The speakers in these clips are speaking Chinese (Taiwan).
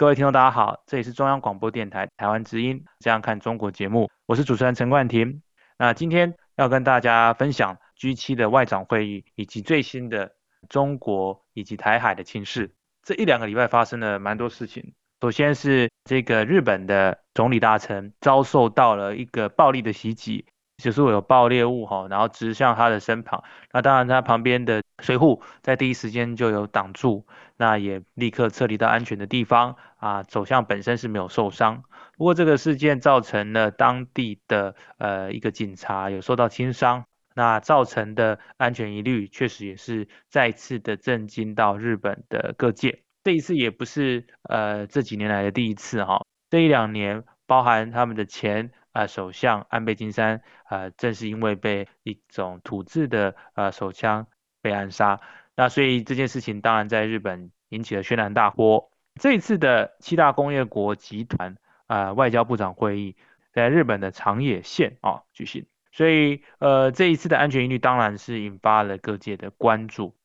各位聽眾，大家好，這裡是中央廣播電台台灣之音，這樣看中國節目，我是主持人陳冠廷。那今天要跟大家分享 G7 的外長會議，以及最新的中國以及台海的情勢。這一兩個禮拜發生了蠻多事情。首先是這個日本的總理大臣遭受到了一個暴力的襲擊。就是我有爆裂物哈，然後直向他的身旁。那當然，他旁邊的隨扈在第一時間就有擋住，那也立刻撤離到安全的地方啊。首相本身是沒有受傷，不過這個事件造成了當地的呃一個警察有受到輕傷，那造成的安全疑慮確實也是再次的震驚到日本的各界。這一次也不是呃這幾年來的第一次哈，這一兩年包含他們的前啊、呃，首相安倍晉三啊，正是因為被一種土制的啊、呃、手槍被暗殺，那所以這件事情當然在日本引起了軒然大波。這一次的七大工業國集團啊、呃、外交部長會議在日本的長野縣啊舉行，所以呃這一次的安全疑慮當然是引發了各界的關注。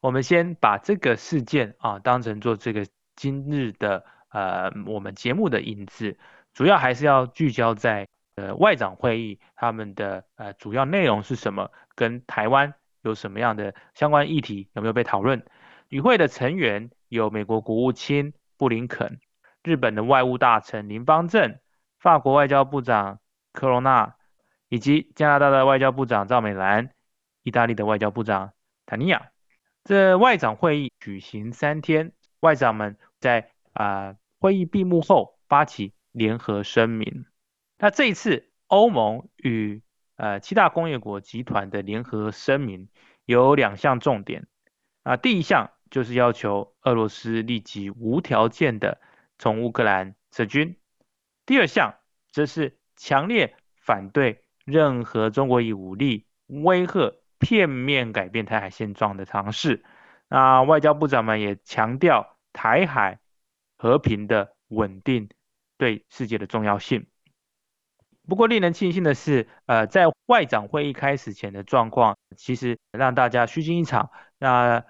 我們先把這個事件啊當成做這個今日的呃我們節目的引子，主要還是要聚焦在。呃，外長會議，他們的呃主要內容是什麼？跟台灣有什麼樣的相關議題？有沒有被討論？與會的成員有美國國務卿布林肯、日本的外務大臣林芳正、法國外交部長柯隆納以及加拿大的外交部長趙美蘭、意大利的外交部長坦尼亞。這外長會議舉行三天，外長們在啊、呃、會議閉幕後發起聯合聲明。那這一次歐盟與呃七大工業國集團的聯合聲明有兩項重點啊，第一項就是要求俄羅斯立即無條件的從烏克蘭撤軍，第二項則是強烈反對任何中國以武力威嚇、片面改變台海現狀的嘗試。那外交部長們也強調，台海和平的穩定對世界的重要性。不過，令人慶幸的是，呃，在外長會議開始前的狀況，其實讓大家虛驚一場。那、呃、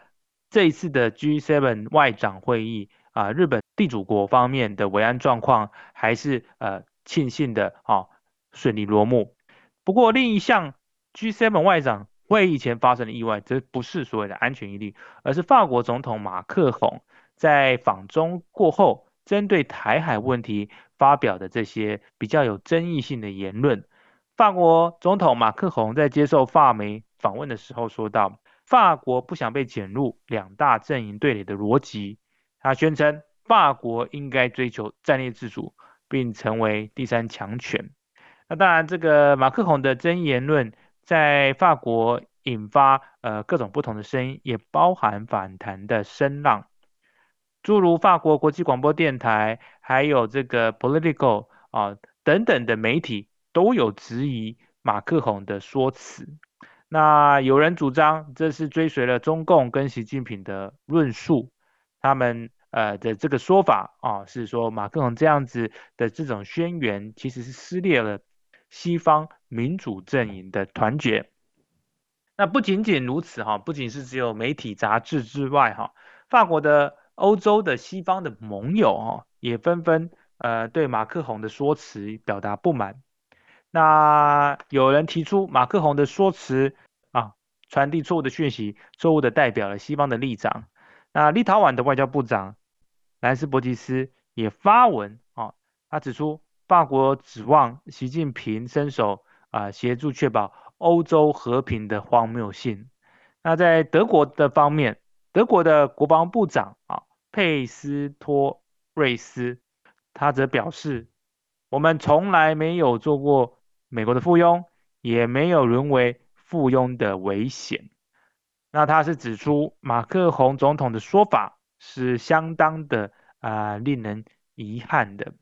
這一次的 G7 外長會議啊、呃，日本地主國方面的維安狀況還是呃慶幸的啊，順利落幕。不過，另一項 G7 外長會議前發生的意外，則不是所謂的安全疑慮，而是法國總統馬克宏在訪中過後，針對台海問題。發表的這些比較有爭議性的言論，法國總統馬克宏在接受法媒訪問的時候說道：“法國不想被捲入兩大陣營對壘的邏輯。”他宣稱，法國應該追求戰略自主，並成為第三強權。那當然，這個馬克宏的爭議言論在法國引發呃各種不同的聲音，也包含反彈的聲浪。諸如法國國際廣播電臺，還有這個 Politico 啊等等的媒體都有質疑馬克宏的說辭。那有人主張這是追隨了中共跟習近平的論述，他們呃的這個說法啊是說馬克宏這樣子的這種宣言其實是撕裂了西方民主陣營的團結。那不僅僅如此哈，不僅是只有媒體雜誌之外哈，法國的。歐洲的西方的盟友啊、哦，也紛紛呃對馬克宏的說辭表達不滿。那有人提出馬克宏的說辭啊，傳遞錯誤的訊息，錯誤的代表了西方的立場。那立陶宛的外交部長藍斯伯吉斯也發文啊，他指出法國指望習近平伸手啊，協助確保歐洲和平的荒謬性。那在德國的方面，德國的國防部長啊。佩斯托瑞斯，他則表示，我們從來沒有做過美國的附庸，也沒有淪為附庸的危險。那他是指出馬克宏總統的說法是相當的啊、呃、令人遺憾的。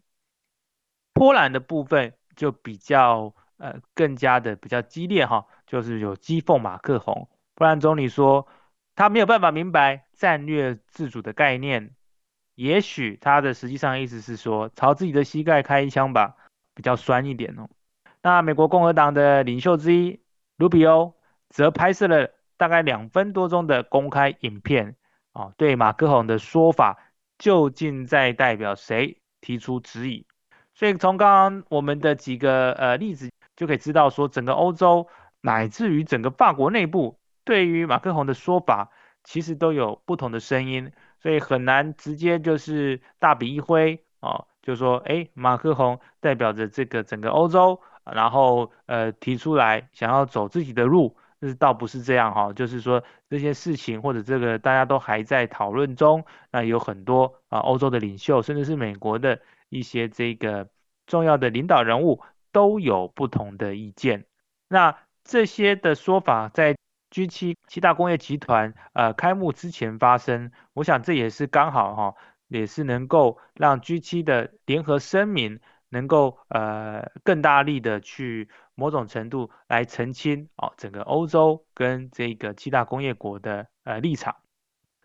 波蘭的部分就比較呃更加的比較激烈哈，就是有譏諷馬克宏，波蘭總理說。他沒有辦法明白戰略自主的概念，也許他的實際上意思是說朝自己的膝蓋開一槍吧，比較酸一點哦。那美國共和黨的領袖之一盧比歐則拍攝了大概兩分多鐘的公開影片，哦，對馬克宏的說法究竟在代表誰提出質疑。所以從剛剛我們的幾個呃例子就可以知道，說整個歐洲乃至於整個法國內部，對於馬克宏的說法，其實都有不同的聲音，所以很難直接就是大筆一揮啊、哦，就說哎，馬克宏代表着這個整個歐洲，然後呃提出來想要走自己的路，那是倒不是這樣哈、哦，就是說這些事情或者這個大家都還在討論中，那有很多啊歐洲的領袖，甚至是美國的一些這個重要的領導人物都有不同的意見，那這些的說法在。G7 七大工業集團呃開幕之前發生，我想這也是剛好哈、哦，也是能夠讓 G7 的聯合聲明能夠呃更大力的去某種程度來澄清哦整個歐洲跟這個七大工業國的呃立場。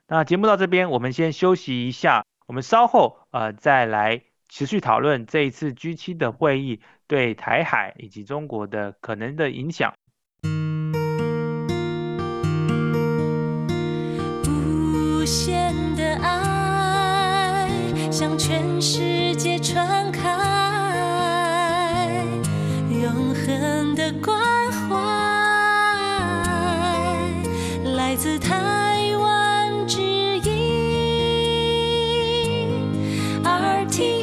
那節目到這邊，我們先休息一下，我們稍後呃再來持續討論這一次 G7 的會議對台海以及中國的可能的影響。無限的愛向全世界傳開，永恆的關懷來自台灣之音 RTI。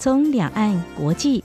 從兩岸、國際、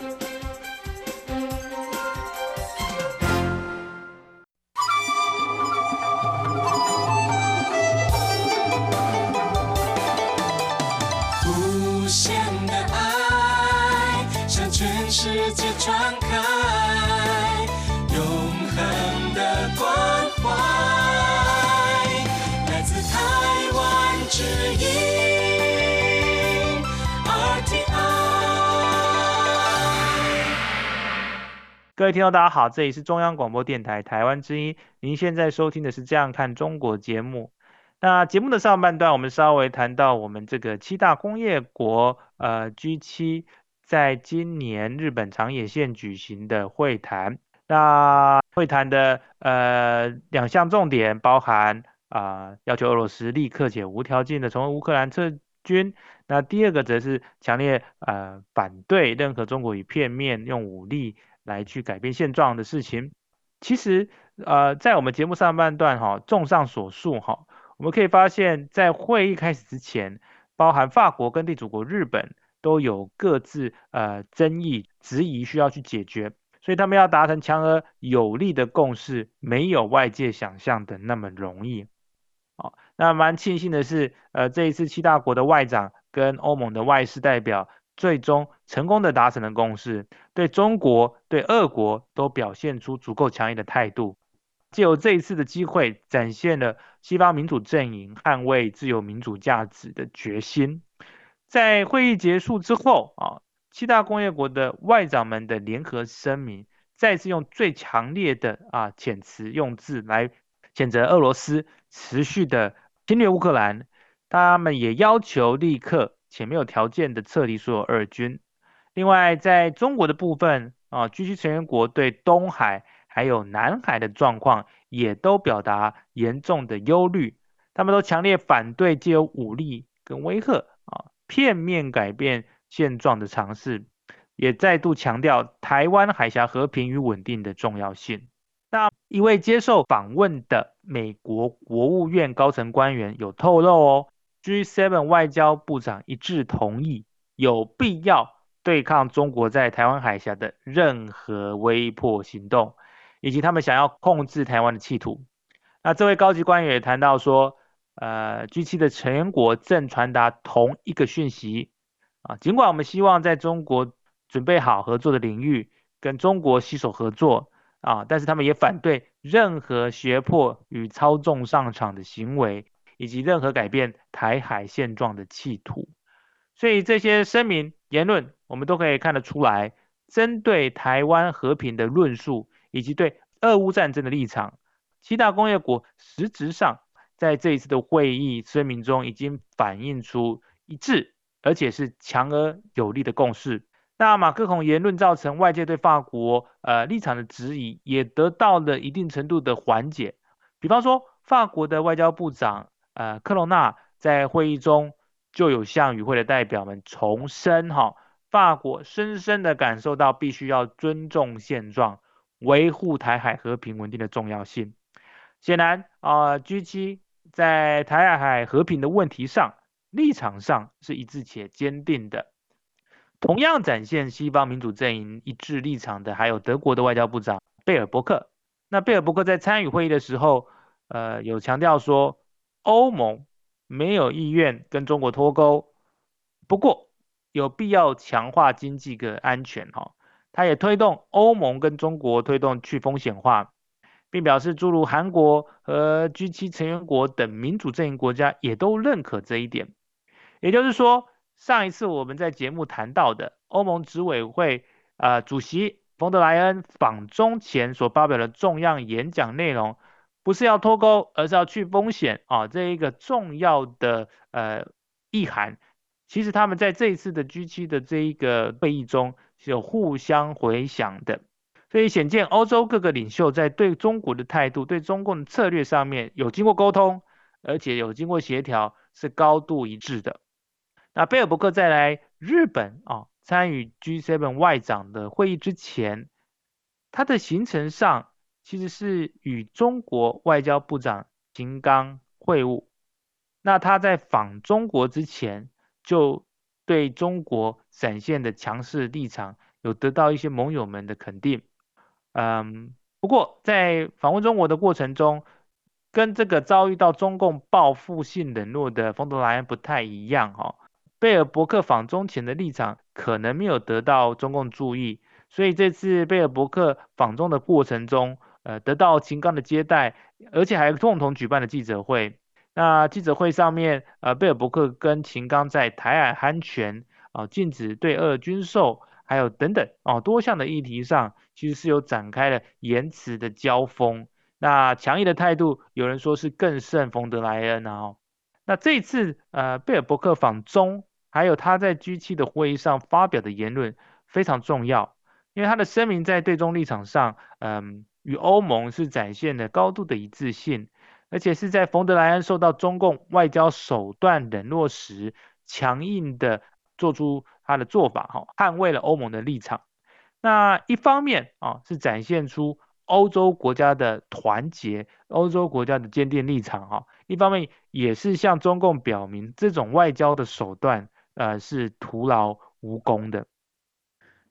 各位聽眾，大家好，這裡是中央廣播電臺臺灣之音。您現在收聽的是《這樣看中國》節目。那節目的上半段，我們稍微談到我們這個七大工業國，呃，G7 在今年日本長野縣舉行的會談。那會談的呃兩項重點，包含啊、呃，要求俄羅斯立刻且無條件的從烏克蘭撤軍。那第二個則是強烈呃反對任何中國以片面用武力。來去改變現狀的事情，其實，呃，在我們節目上半段哈、哦，綜上所述哈、哦，我們可以發現，在會議開始之前，包含法國跟地主國日本都有各自呃爭議、質疑需要去解決，所以他們要達成強而有力的共識，沒有外界想象的那麼容易、哦。那蠻慶幸的是，呃，這一次七大國的外長跟歐盟的外事代表。最終成功的達成了共識，對中國對俄國都表現出足夠強硬的態度，借由這一次的機會，展現了西方民主陣營捍衛自由民主價值的決心。在會議結束之後啊，七大工業國的外長們的聯合聲明，再次用最強烈的啊遣詞用字來譴責俄羅斯持續的侵略烏克蘭，他們也要求立刻。且沒有條件的撤離所有俄軍。另外，在中國的部分啊，G7 成員國對東海還有南海的狀況也都表達嚴重的憂慮，他們都強烈反對借由武力跟威嚇啊，片面改變現狀的嘗試，也再度強調台灣海峽和平與穩定的重要性。那一位接受訪問的美國國務院高層官員有透露哦。G7 外交部長一致同意，有必要對抗中國在台灣海峽的任何威迫行動，以及他們想要控制台灣的企圖。那這位高級官員也談到說，呃，G7 的成員國正傳達同一個訊息啊，儘管我們希望在中國準備好合作的領域跟中國攜手合作啊，但是他們也反對任何脅迫與操縱上場的行為。以及任何改變台海現狀的企圖，所以這些聲明言論，我們都可以看得出來，針對台灣和平的論述，以及對俄烏戰爭的立場，七大工業國實質上在這一次的會議聲明中，已經反映出一致，而且是強而有力的共識。那馬克宏言論造成外界對法國呃立場的質疑，也得到了一定程度的緩解。比方說，法國的外交部長。呃，柯隆納在會議中就有向與會的代表們重申，哈，法國深深地感受到必須要尊重現狀，維護台海和平穩定的重要性。顯然啊，呃，G7 在台海和平的問題上立場上是一致且堅定的。同樣展現西方民主陣營一致立場的，還有德國的外交部長貝爾伯克。那貝爾伯克在參與會議的時候，呃，有強調說。歐盟沒有意願跟中國脫鈎，不過有必要強化經濟的安全哈、哦。他也推動歐盟跟中國推動去風險化，並表示諸如韓國和 G7 成員國等民主陣營國家也都認可這一點。也就是說，上一次我們在節目談到的歐盟執委會啊、呃、主席馮德萊恩訪中前所發表的重要演講內容。不是要脫鈎，而是要去風險啊、哦！這一個重要的呃意涵，其實他們在這一次的 G7 的這一個會議中是有互相回響的，所以顯見歐洲各個領袖在對中國的態度、對中共的策略上面有經過溝通，而且有經過協調，是高度一致的。那貝爾伯克在來日本啊、哦，參與 G7 外長的會議之前，他的行程上。其實是與中國外交部長秦剛會晤，那他在訪中國之前，就對中國展現的強勢立場有得到一些盟友們的肯定。嗯，不過在訪問中國的過程中，跟這個遭遇到中共報復性冷落的馮德萊恩不太一樣哈、哦。貝爾伯克訪中前的立場可能沒有得到中共注意，所以這次貝爾伯克訪中的過程中。呃，得到秦剛的接待，而且還有共同舉辦的記者會。那記者會上面，呃，貝爾伯克跟秦剛在台海安全啊、禁止對俄軍售，還有等等啊、呃，多項的議題上，其實是有展開了言辭的交鋒。那強硬的態度，有人說是更勝馮德萊恩。那這次呃，貝爾伯克訪中，還有他在 G7 的會議上發表的言論非常重要，因為他的聲明在對中立場上，嗯、呃。與歐盟是展現的高度的一致性，而且是在馮德萊恩受到中共外交手段冷落時，強硬的做出他的做法，哈，捍衛了歐盟的立場。那一方面啊，是展現出歐洲國家的團結，歐洲國家的堅定立場，哈，一方面也是向中共表明這種外交的手段，呃，是徒勞無功的。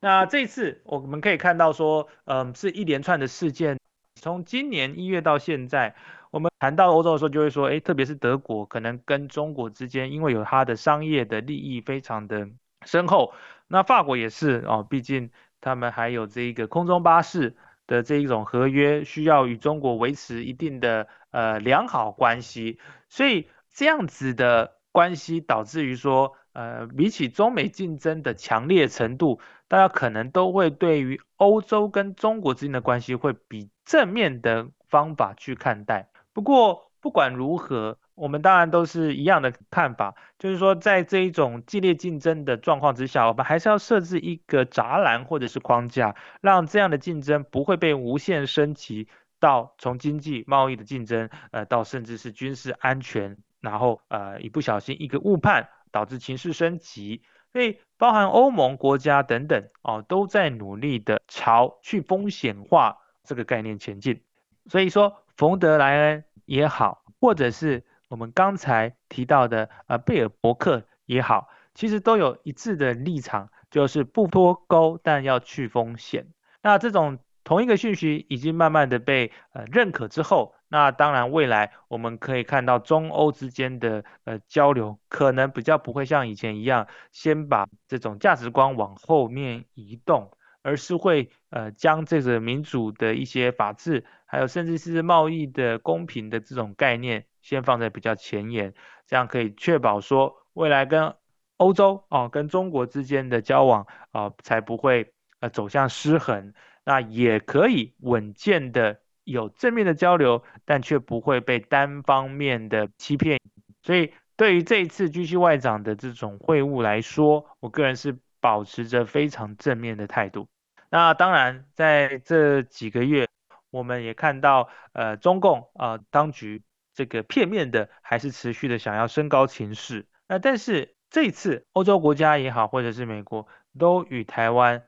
那這次我們可以看到說，嗯，是一連串的事件，從今年一月到現在，我們談到歐洲的時候就會說，欸，特別是德國，可能跟中國之間，因為有它的商業的利益非常的深厚。那法國也是哦，畢竟他們還有這個空中巴士的這一種合約，需要與中國維持一定的呃良好關係，所以這樣子的關係導致於說，呃，比起中美競爭的強烈程度，大家可能都會對於歐洲跟中國之間的關係會比正面的方法去看待。不過，不管如何，我們當然都是一樣的看法，就是說，在這一種激烈競爭的狀況之下，我們還是要設置一個柵欄或者是框架，讓這樣的競爭不會被無限升級到從經濟貿易的競爭，呃，到甚至是軍事安全，然後呃，一不小心一個誤判。導致情勢升級，所以包含歐盟國家等等啊、哦，都在努力的朝去風險化這個概念前進。所以說，馮德萊恩也好，或者是我們剛才提到的呃貝爾伯克也好，其實都有一致的立場，就是不脫鈎，但要去風險。那這種同一個訊息已經慢慢的被呃認可之後。那當然，未來我們可以看到中歐之間的呃交流，可能比較不會像以前一樣先把這種價值觀往後面移動，而是會呃將這個民主的一些法治，還有甚至是貿易的公平的這種概念，先放在比較前沿，這樣可以確保說未來跟歐洲啊跟中國之間的交往啊才不會呃走向失衡，那也可以穩健的。有正面的交流，但卻不會被單方面的欺騙，所以對於這一次 G7 外長的這種會晤來說，我個人是保持着非常正面的態度。那當然，在這幾個月，我們也看到，呃，中共啊、呃、當局這個片面的還是持續的想要升高情勢。那但是這一次歐洲國家也好，或者是美國都與台灣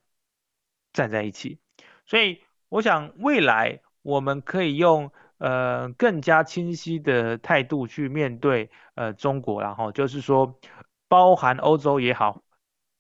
站在一起，所以我想未來。我們可以用呃更加清晰的態度去面對呃中國，然後哦就是說，包含歐洲也好，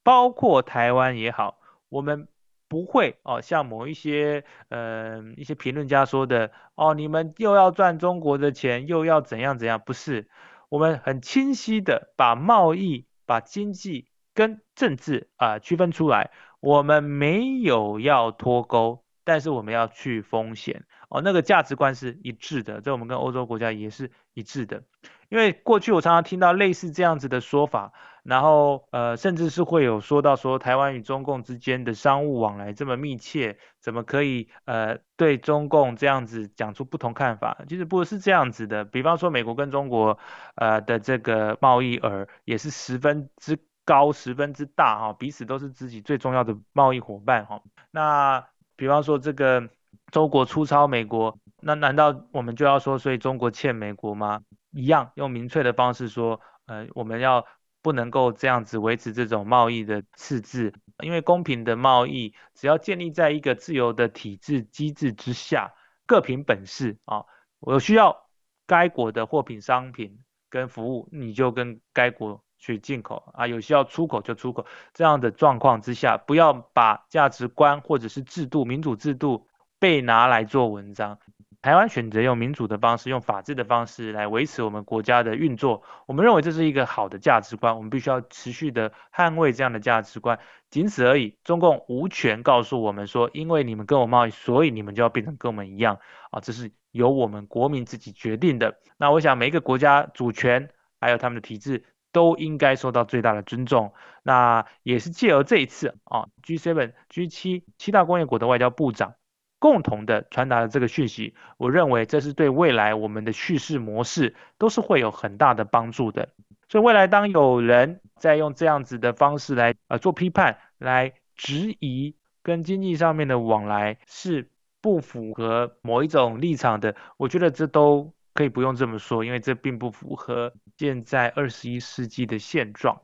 包括台灣也好，我們不會哦，像某一些呃一些評論家說的哦，你們又要賺中國的錢，又要怎樣怎樣，不是，我們很清晰的把貿易、把經濟跟政治啊、呃、區分出來，我們沒有要脫鈎。但是我們要去風險哦，那個價值觀是一致的，這我們跟歐洲國家也是一致的，因為過去我常常聽到類似這樣子的說法，然後呃，甚至是會有說到說台灣與中共之間的商務往來這麼密切，怎麼可以呃對中共這樣子講出不同看法？其實不是這樣子的，比方說美國跟中國，呃的這個貿易額也是十分之高，十分之大哈，彼此都是自己最重要的貿易夥伴哈、哦，那。比方說，這個中國出超美國，那難道我們就要說，所以中國欠美國嗎？一樣用明確的方式說，呃，我們要不能夠這樣子維持這種貿易的赤字，因為公平的貿易，只要建立在一個自由的體制機制之下，各憑本事啊、哦，我需要該國的貨品、商品跟服務，你就跟該國。去進口啊，有需要出口就出口。這樣的狀況之下，不要把價值觀或者是制度、民主制度被拿來做文章。台灣選擇用民主的方式、用法治的方式來維持我們國家的運作，我們認為這是一個好的價值觀。我們必須要持續的捍衛這樣的價值觀，僅此而已。中共無權告訴我們說，因為你們跟我貿易，所以你們就要變成跟我們一樣啊！這是由我們國民自己決定的。那我想，每一個國家主權還有他們的體制，都應該受到最大的尊重。那也是借由這一次啊，G7、G7 七大工業國的外交部長共同的傳達了這個訊息。我認為這是對未來我們的敘事模式都是會有很大的幫助的。所以未來當有人在用這樣子的方式來呃做批判、來質疑跟經濟上面的往來是不符合某一種立場的，我覺得這都。可以不用這麼說，因為這並不符合現在二十一世紀的現狀。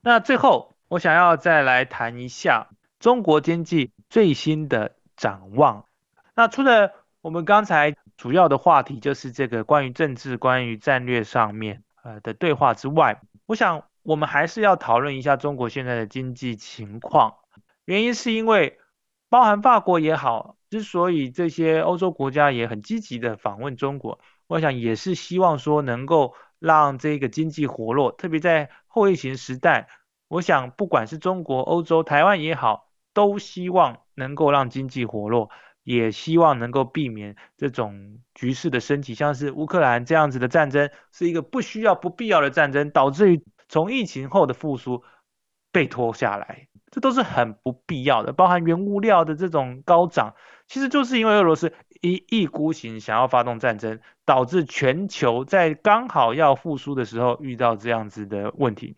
那最後，我想要再來談一下中國經濟最新的展望。那除了我們剛才主要的話題，就是這個關於政治、關於戰略上面呃的對話之外，我想我們還是要討論一下中國現在的經濟情況。原因是因為包含法國也好，之所以這些歐洲國家也很積極的訪問中國。我想也是希望說能夠讓這個經濟活絡，特別在後疫情時代，我想不管是中國、歐洲、台灣也好，都希望能夠讓經濟活絡，也希望能夠避免這種局勢的升級，像是烏克蘭這樣子的戰爭是一個不需要、不必要的戰爭，導致於從疫情後的復甦被拖下來，這都是很不必要的。包含原物料的這種高漲，其實就是因為俄羅斯，一意孤行，想要發動戰爭，導致全球在剛好要復甦的時候遇到這樣子的問題。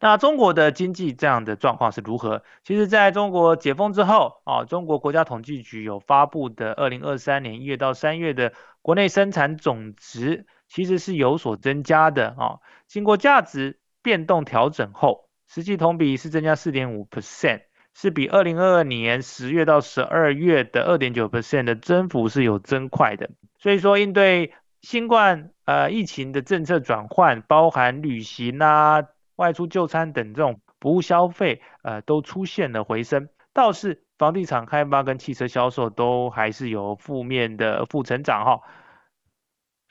那中國的經濟這樣的狀況是如何？其實在中國解封之後，啊，中國國家統計局有發布的二零二三年一月到三月的國內生產總值，其實是有所增加的啊。經過價值變動調整後，實際同比是增加四點五 percent。是比二零二二年十月到十二月的二點九%的增幅是有增快的，所以說應對新冠呃疫情的政策轉換，包含旅行啊、外出就餐等這種服務消費，呃，都出現了回升。倒是房地產開發跟汽車銷售都還是有負面的負成長，哈。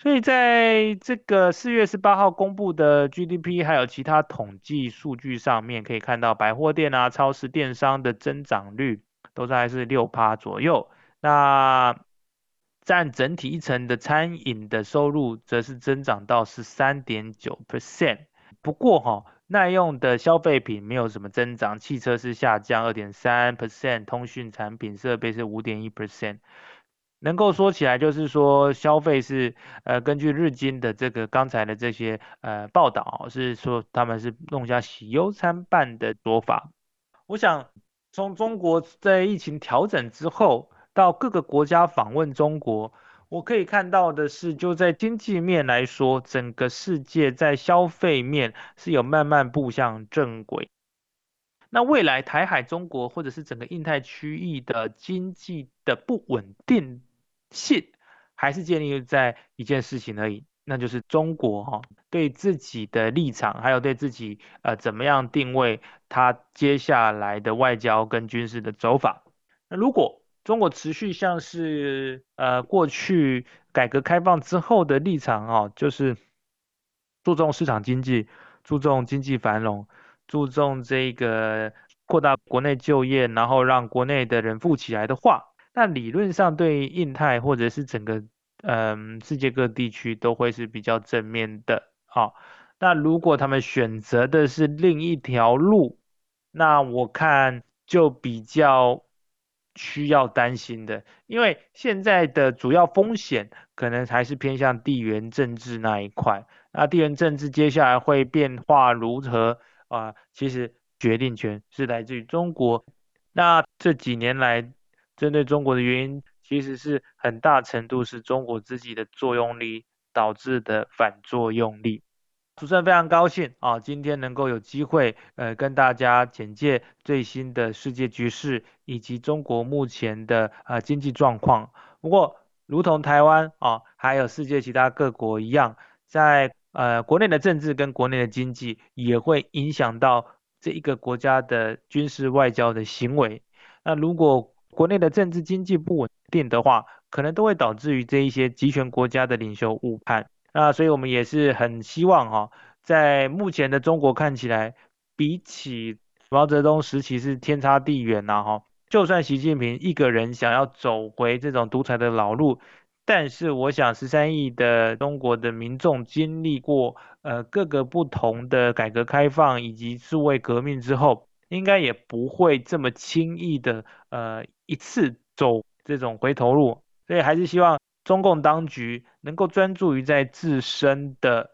所以在這個四月十八號公布的 GDP 還有其他統計數據上面，可以看到百貨店啊、超市、電商的增長率都在是六趴左右。那占整體一層的餐飲的收入，則是增長到十三點九 percent。不過哈，耐用的消費品沒有什麼增長，汽車是下降二點三 percent，通訊產品設備是五點一 percent。能夠說起來，就是說消費是呃，根據日經的這個剛才的這些呃報道，是說他們是弄一下喜憂參半的說法。我想從中國在疫情調整之後到各個國家訪問中國，我可以看到的是，就在經濟面來說，整個世界在消費面是有慢慢步向正軌。那未來台海中國或者是整個印太區域的經濟的不穩定信還是建立在一件事情而已，那就是中國哈對自己的立場，還有對自己呃怎麼樣定位他接下來的外交跟軍事的走法。那如果中國持續像是呃過去改革開放之後的立場哈、呃，就是注重市場經濟，注重經濟繁榮，注重這個擴大國內就業，然後讓國內的人富起來的話。那理論上對印太或者是整個嗯、呃、世界各地區都會是比較正面的啊。那如果他們選擇的是另一條路，那我看就比較需要擔心的，因為現在的主要風險可能還是偏向地緣政治那一塊。那地緣政治接下來會變化如何啊？其實決定權是來自於中國。那這幾年來。針對中國的原因，其實是很大程度是中國自己的作用力導致的反作用力。主持人非常高興啊，今天能夠有機會呃跟大家簡介最新的世界局勢以及中國目前的啊、呃、經濟狀況。不過，如同台灣啊，還有世界其他各國一樣，在呃國內的政治跟國內的經濟也會影響到這一個國家的軍事外交的行為。那如果國內的政治經濟不穩定的話，可能都會導致於這一些集權國家的領袖誤判啊，那所以我們也是很希望哈、哦，在目前的中國看起來，比起毛澤東時期是天差地遠吶、啊、哈。就算習近平一個人想要走回這種獨裁的老路，但是我想十三億的中國的民眾經歷過呃各個不同的改革開放以及數位革命之後。應該也不會這麼輕易的，呃，一次走這種回頭路，所以還是希望中共當局能夠專注於在自身的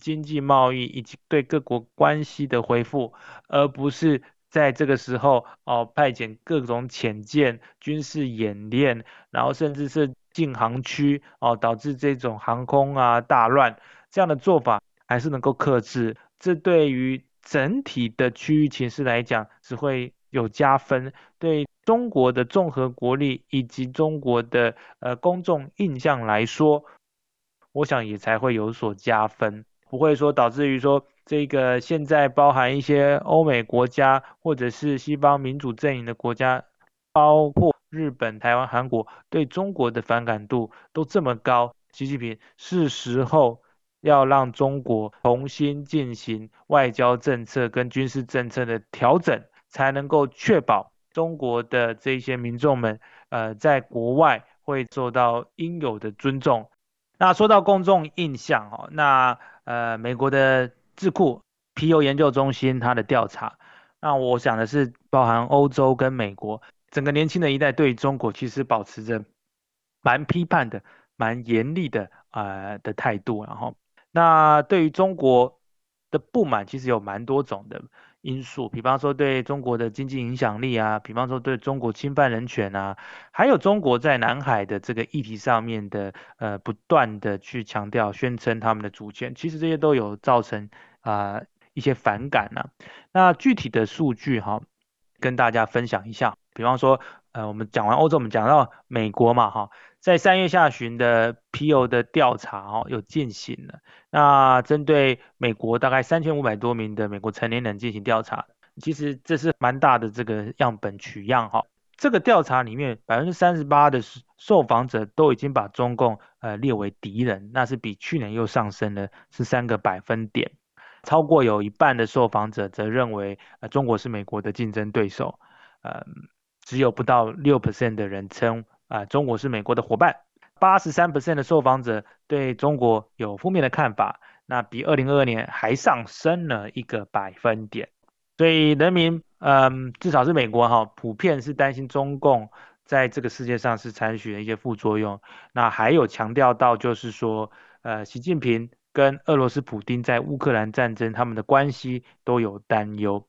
經濟貿易以及對各國關係的恢復，而不是在這個時候哦、呃、派遣各種潛艦軍事演練，然後甚至是禁航區哦、呃、導致這種航空啊大亂，這樣的做法還是能夠克制，這對於。整體的區域情勢來講，只會有加分，對中國的綜合國力以及中國的呃公眾印象來說，我想也才會有所加分，不會說導致於說這個現在包含一些歐美國家或者是西方民主陣營的國家，包括日本、台灣、韓國，對中國的反感度都這麼高，習近平是時候。要讓中國重新進行外交政策跟軍事政策的調整，才能夠確保中國的這些民眾們，呃，在國外會做到應有的尊重。那說到公眾印象，哦，那呃，美國的智庫皮尤研究中心它的調查，那我想的是，包含歐洲跟美國整個年輕的一代對中國其實保持着蠻批判的、蠻嚴厲的呃的態度，然後。那對於中國的不滿，其實有蠻多種的因素，比方說對中國的經濟影響力啊，比方說對中國侵犯人權啊，還有中國在南海的這個議題上面的，呃，不斷地去強調、宣稱他們的主權，其實這些都有造成啊、呃、一些反感啊。那具體的數據哈、哦，跟大家分享一下，比方說，呃，我們講完歐洲，我們講到美國嘛，哈、哦。在三月下旬的皮尤的調查哦，又進行了。那針對美國大概三千五百多名的美國成年人進行調查，其實這是蠻大的這個樣本取樣哈。這個調查裡面38，百分之三十八的受訪者都已經把中共呃列為敵人，那是比去年又上升了十三個百分點。超過有一半的受訪者則認為呃中國是美國的競爭對手。呃，只有不到六 percent 的人稱。啊、呃，中國是美國的夥伴，八十三%的受訪者對中國有負面的看法，那比二零二二年還上升了一個百分點。所以人民，嗯，至少是美國哈，普遍是擔心中共在這個世界上是採取了一些副作用。那還有強調到就是說，呃，習近平跟俄羅斯普丁在烏克蘭戰爭，他們的關係都有擔憂。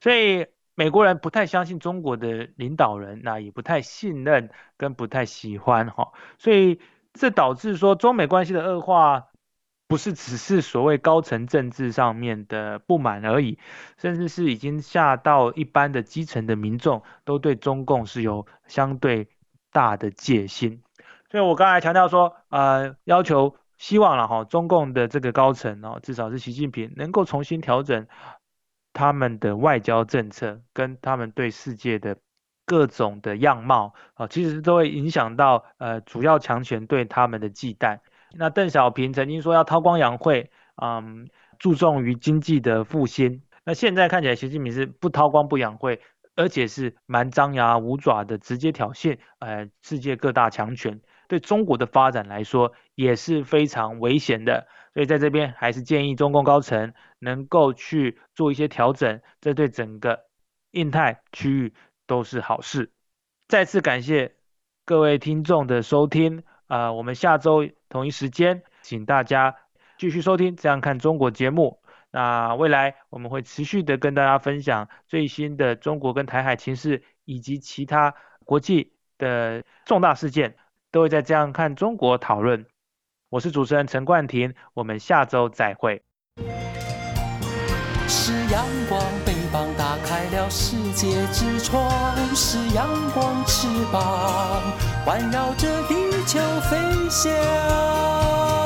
所以。美國人不太相信中國的領導人，那也不太信任跟不太喜歡哈，所以這導致說中美關係的惡化，不是只是所謂高層政治上面的不滿而已，甚至是已經下到一般的基層的民眾都對中共是有相對大的戒心。所以我剛才強調說，呃，要求希望了哈，中共的這個高層至少是習近平能夠重新調整。他們的外交政策跟他們對世界的各種的樣貌啊，其實都會影響到呃主要強權對他們的忌憚。那鄧小平曾經說要韜光養晦，嗯，注重於經濟的復興。那現在看起來，習近平是不韜光不養晦，而且是蠻張牙舞爪的直接挑釁，呃，世界各大強權對中國的發展來說也是非常危險的。所以在這邊還是建議中共高層能夠去做一些調整，這對整個印太區域都是好事。再次感謝各位聽眾的收聽啊、呃，我們下周同一時間，請大家繼續收聽《這樣看中國》節目。那未來我們會持續的跟大家分享最新的中國跟台海情勢，以及其他國際的重大事件，都會在《這樣看中國》討論。我是主持人陳冠廷，我們下周再會。是陽光，翅膀打開了世界之窗；是陽光，翅膀環繞着地球飛翔。